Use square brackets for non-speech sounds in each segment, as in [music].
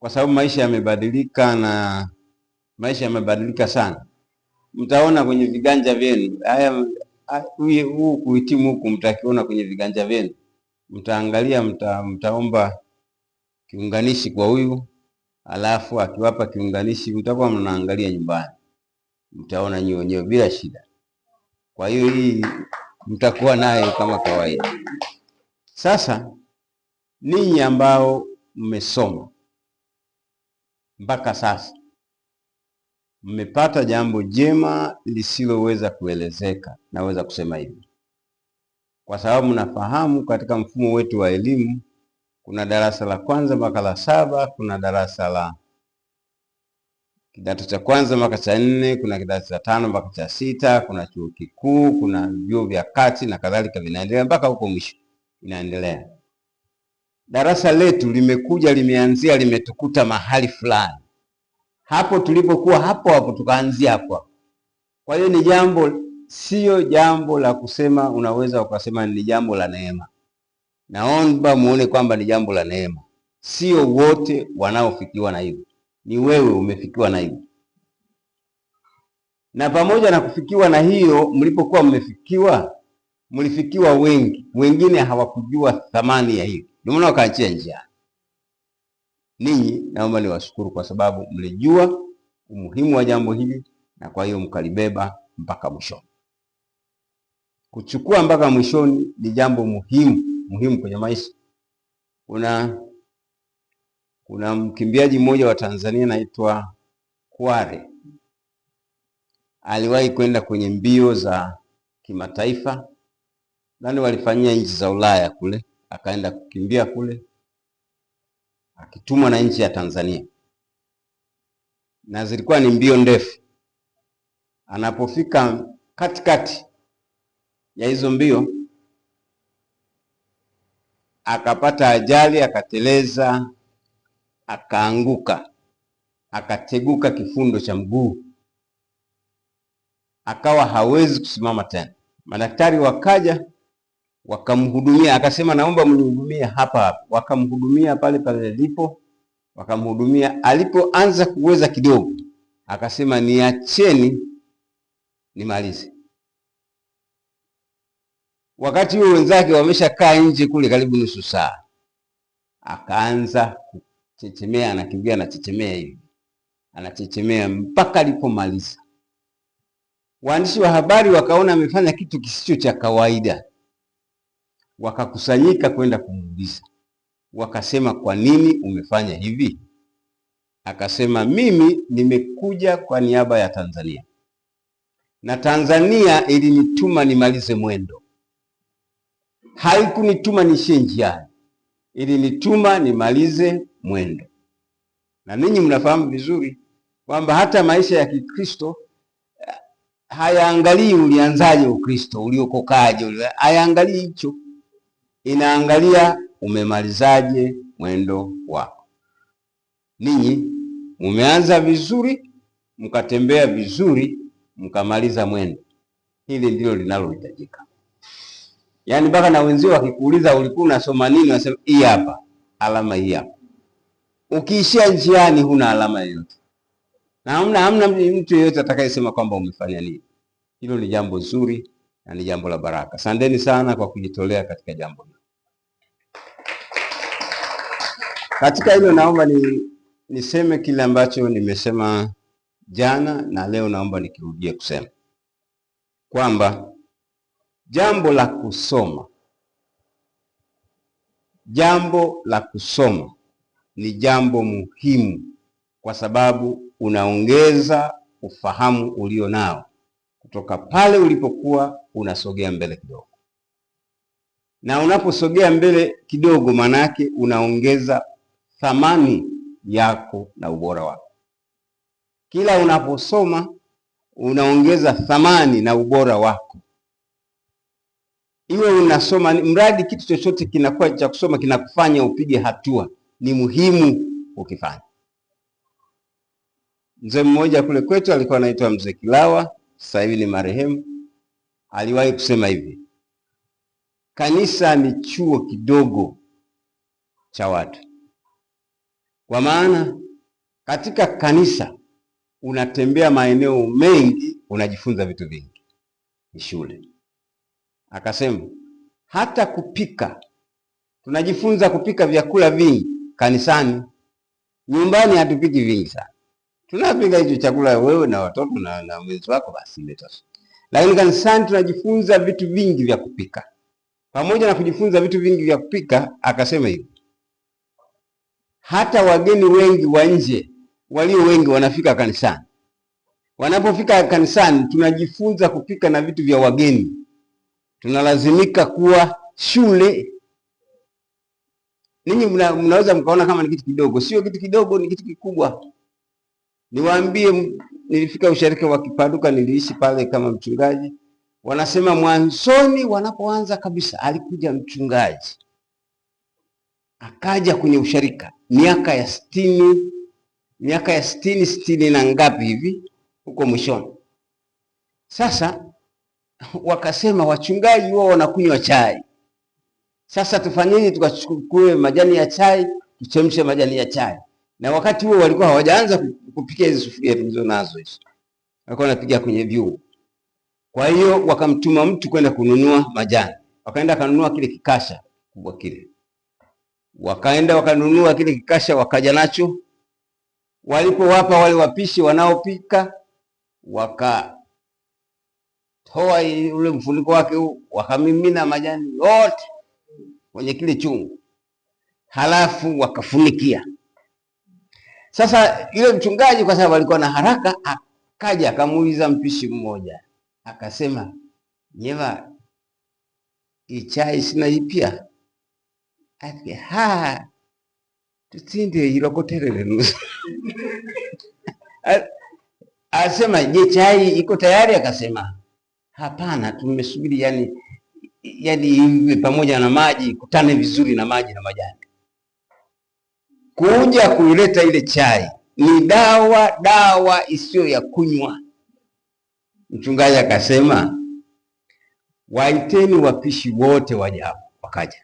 kwa sababu maisha yamebadilika na maisha yamebadilika sana. Mtaona kwenye viganja vyenu haya, huu kuhitimu huku mtakiona kwenye viganja vyenu, mtaangalia, mta, mtaomba kiunganishi kwa huyu, alafu akiwapa kiunganishi, mtakuwa mnaangalia nyumbani, mtaona nyinyi wenyewe bila shida. Kwa hiyo hii mtakuwa naye kama kawaida. Sasa ninyi ambao mmesoma mpaka sasa mmepata jambo jema lisiloweza kuelezeka. Naweza kusema hivi kwa sababu nafahamu katika mfumo wetu wa elimu kuna darasa la kwanza mpaka la saba, kuna darasa la kidato cha kwanza mpaka cha nne, kuna kidato cha tano mpaka cha sita, kuna chuo kikuu, kuna vyuo vya kati na kadhalika, vinaendelea mpaka huko mwisho, inaendelea darasa letu limekuja limeanzia limetukuta mahali fulani hapo tulipokuwa hapo hapo tukaanzia hapo. Kwa hiyo ni jambo, siyo jambo la kusema unaweza ukasema ni jambo la neema. Naomba muone kwamba ni jambo la neema. Sio wote wanaofikiwa na hivyo, ni wewe umefikiwa na hivyo. Na pamoja na kufikiwa na hiyo, mlipokuwa mmefikiwa, mlifikiwa wengi, wengine hawakujua thamani ya hiyo. Ndio maana wakaachia njia. Ninyi naomba niwashukuru kwa sababu mlijua umuhimu wa jambo hili, na kwa hiyo mkalibeba mpaka mwishoni. Kuchukua mpaka mwishoni ni jambo muhimu muhimu kwenye maisha. Kuna kuna mkimbiaji mmoja wa Tanzania anaitwa Kware, aliwahi kwenda kwenye mbio za kimataifa, nani walifanyia nchi za Ulaya kule akaenda kukimbia kule, akitumwa na nchi ya Tanzania, na zilikuwa ni mbio ndefu. Anapofika katikati ya hizo mbio, akapata ajali, akateleza, akaanguka, akateguka kifundo cha mguu, akawa hawezi kusimama tena. Madaktari wakaja wakamhudumia, akasema naomba mnihudumie hapa hapa. Wakamhudumia pale pale alipo, wakamhudumia. Alipoanza kuweza kidogo, akasema niacheni nimalize. Wakati huo wenzake wameshakaa nje kule karibu nusu saa, akaanza kuchechemea, anakimbia, anachechemea hivi, anachechemea mpaka alipomaliza. Waandishi wa habari wakaona amefanya kitu kisicho cha kawaida. Wakakusanyika kwenda kumuuliza, wakasema, kwa nini umefanya hivi? Akasema, mimi nimekuja kwa niaba ya Tanzania na Tanzania ilinituma nimalize mwendo, haikunituma nishie njiani, ilinituma nimalize mwendo. Na ninyi mnafahamu vizuri kwamba hata maisha ya Kikristo eh, hayaangalii ulianzaje Ukristo, uliokokaje, hayaangalii hicho inaangalia umemalizaje mwendo wako. Ninyi mumeanza vizuri, mkatembea vizuri, mkamaliza mwendo. Hili ndilo linalohitajika. Yaani mpaka na wenzio wakikuuliza ulikuwa unasoma nini, wasema hii hapa, alama hii hapa. Ukiishia njiani huna alama yoyote, na hamna hamna mtu yeyote atakayesema kwamba umefanya nini. Hilo ni jambo zuri na ni jambo la baraka. Asanteni sana kwa kujitolea katika jambo hili. Katika hilo naomba ni niseme kile ambacho nimesema jana na leo, naomba nikirudie kusema kwamba jambo la kusoma, jambo la kusoma ni jambo muhimu, kwa sababu unaongeza ufahamu ulio nao kutoka pale ulipokuwa unasogea mbele kidogo, na unaposogea mbele kidogo, maana yake unaongeza thamani yako na ubora wako. Kila unaposoma unaongeza thamani na ubora wako, iwe unasoma mradi, kitu chochote kinakuwa cha kusoma kinakufanya upige hatua, ni muhimu ukifanya. Mzee mmoja kule kwetu alikuwa anaitwa Mzee Kilawa sasa hivi ni marehemu, aliwahi kusema hivi, kanisa ni chuo kidogo cha watu, kwa maana katika kanisa unatembea maeneo mengi, unajifunza vitu vingi, ni shule. Akasema hata kupika, tunajifunza kupika vyakula vingi kanisani, nyumbani hatupiki vingi sana tunapika hicho chakula wewe na watoto na, na mwenzi wako, basi imetosha. Lakini kanisani tunajifunza vitu vingi vya kupika. Pamoja na kujifunza vitu vingi vya kupika, akasema hivi, hata wageni wengi wa nje walio wengi wanafika kanisani. Wanapofika kanisani, tunajifunza kupika na vitu vya wageni. Tunalazimika kuwa shule. Ninyi mna, mnaweza mkaona kama ni kitu kidogo, sio kitu kidogo, ni kitu kikubwa. Niwaambie, nilifika ushirika wa Kipaduka, niliishi pale kama mchungaji. Wanasema mwanzoni, wanapoanza kabisa, alikuja mchungaji akaja kwenye ushirika miaka ya sitini, miaka ya sitini sitini na ngapi hivi huko mwishoni. Sasa wakasema wachungaji wao wanakunywa chai, sasa tufanyeni, Tukachukue majani ya chai, tuchemshe majani ya chai na wakati huo walikuwa hawajaanza kupikia hizo sufuria tulizo eh, nazo hizo, walikuwa wanapiga kwenye vyungu. Kwa hiyo wakamtuma mtu kwenda kununua majani, wakaenda akanunua kile kikasha kubwa kile, wakaenda wakanunua kile kikasha, wakaja nacho. Walipowapa wale wapishi wanaopika, wakatoa ule mfuniko wake huu, wakamimina majani yote kwenye kile chungu, halafu wakafunikia sasa yule mchungaji kwa sababu alikuwa na haraka, akaja akamuuliza mpishi mmoja, akasema nyeva ichai sinaipya ati ha tutinde ilokoterere nusu [laughs] asema je, chai iko tayari? Akasema hapana, tumesubiri yani yani pamoja na maji, kutane vizuri na maji na majani kuja kuileta ile chai ni dawa, dawa isiyo ya kunywa. Mchungaji akasema waiteni wapishi wote waje hapo. Wakaja,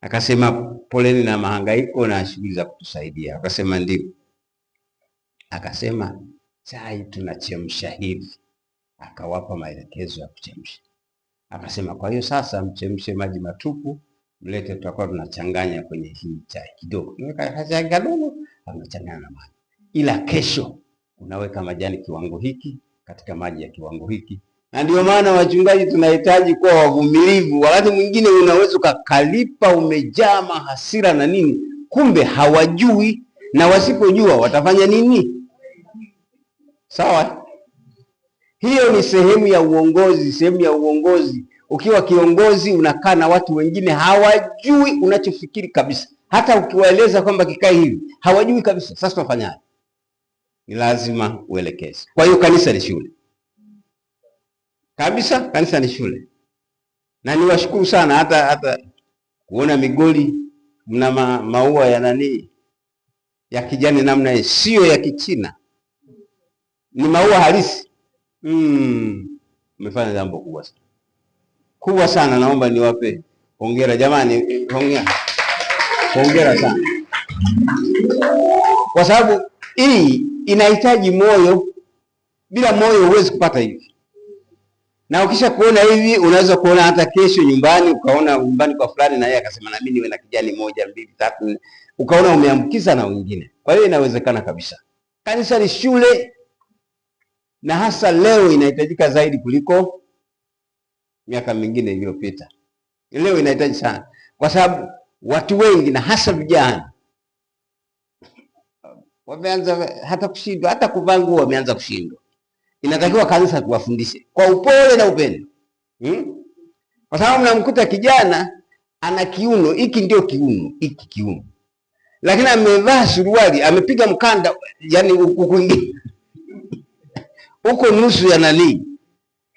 akasema poleni na mahangaiko na shughuli za kutusaidia. Akasema ndio. Akasema chai tunachemsha hivi, akawapa maelekezo ya kuchemsha. Akasema kwa hiyo sasa mchemshe maji matupu mlete, tutakuwa tunachanganya kwenye hii chai kidogo, unaweka chai kidogo unachanganya na maji, ila kesho unaweka majani kiwango hiki katika maji ya kiwango hiki. Na ndio maana wachungaji tunahitaji kuwa wavumilivu. Wakati mwingine unaweza ukakalipa umejaa mahasira na nini, kumbe hawajui, na wasipojua watafanya nini? Sawa, hiyo ni sehemu ya uongozi. Sehemu ya uongozi ukiwa kiongozi unakaa na watu wengine hawajui unachofikiri kabisa, hata ukiwaeleza kwamba kikae hivi hawajui kabisa. Sasa tunafanyaje? Ni lazima uelekeze. Kwa hiyo kanisa ni shule kabisa, kanisa ni shule, na niwashukuru sana hata hata kuona Migoli mna ma, maua ya nani ya kijani namna hii, sio ya Kichina, ni maua halisi. Hmm, mmefanya jambo kubwa sana kubwa sana, naomba niwape hongera jamani, hongera, hongera sana, kwa sababu hii inahitaji moyo. Bila moyo huwezi kupata hivi, na ukisha kuona hivi unaweza kuona hata kesho nyumbani, ukaona nyumbani kwa fulani, na yeye akasema nami niwe na kijani moja mbili tatu, ukaona umeambukiza na wengine. Kwa hiyo inawezekana kabisa. Kanisa ni shule, na hasa leo inahitajika zaidi kuliko miaka mingine iliyopita. Leo inahitaji sana, kwa sababu watu wengi na hasa vijana wameanza hata kushindwa, hata kuvaa nguo wameanza kushindwa. Inatakiwa kanisa tuwafundishe kwa upole na upendo hmm? Kwa sababu mnamkuta kijana ana kiuno hiki, ndio kiuno hiki kiuno, lakini amevaa suruali, amepiga mkanda, yani huku kwingine huko nusu ya nani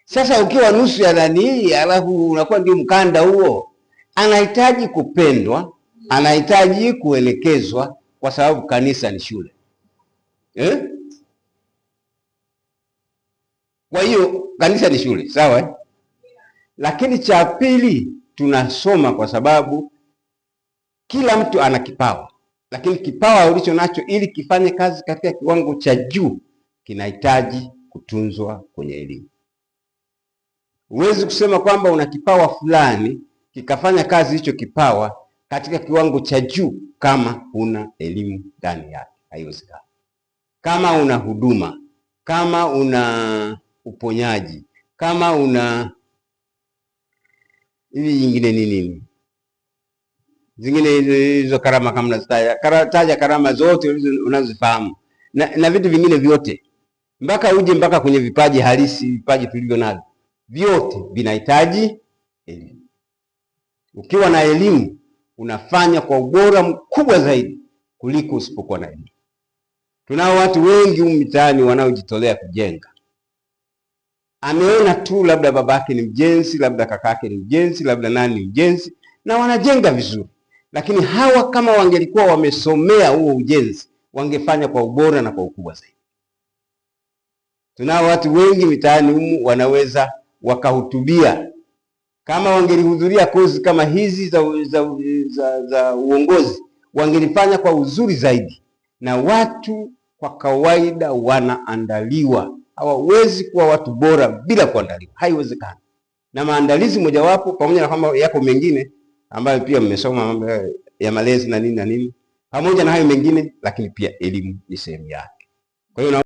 sasa ukiwa nusu ya nani, alafu unakuwa ndio mkanda huo. Anahitaji kupendwa, anahitaji kuelekezwa, kwa sababu kanisa ni shule eh? Kwa hiyo kanisa ni shule, sawa eh? Lakini cha pili tunasoma kwa sababu kila mtu ana kipawa, lakini kipawa ulicho nacho ili kifanye kazi katika kiwango cha juu kinahitaji kutunzwa kwenye elimu. Huwezi kusema kwamba una kipawa fulani kikafanya kazi hicho kipawa katika kiwango cha juu kama una elimu ndani yake, haiwezekani. Kama una huduma, kama una uponyaji, kama una hivi nyingine ni nini zingine hizo karama kama unazitaja karataja karama zote unazozifahamu na, na vitu vingine vyote mpaka uje mpaka kwenye vipaji halisi, vipaji tulivyo navyo vyote vinahitaji elimu. Ukiwa na elimu unafanya kwa ubora mkubwa zaidi kuliko usipokuwa na elimu. Tunao watu wengi humu mitaani wanaojitolea kujenga. Ameona tu labda babake ni mjenzi, labda kakake ni mjenzi, labda nani ni mjenzi, na wanajenga vizuri. Lakini hawa kama wangelikuwa wamesomea huo ujenzi, wangefanya kwa ubora na kwa ukubwa zaidi. Tunao watu wengi mitaani humu wanaweza wakahutubia. Kama wangelihudhuria kozi kama hizi za, za, za, za uongozi wangelifanya kwa uzuri zaidi, na watu kwa kawaida wanaandaliwa. Hawawezi kuwa watu bora bila kuandaliwa, haiwezekani. Na maandalizi mojawapo, pamoja na kwamba yako mengine ambayo pia mmesoma mambo ya malezi na nini na nini, pamoja na hayo mengine, lakini pia elimu ni sehemu yake. Kwa hiyo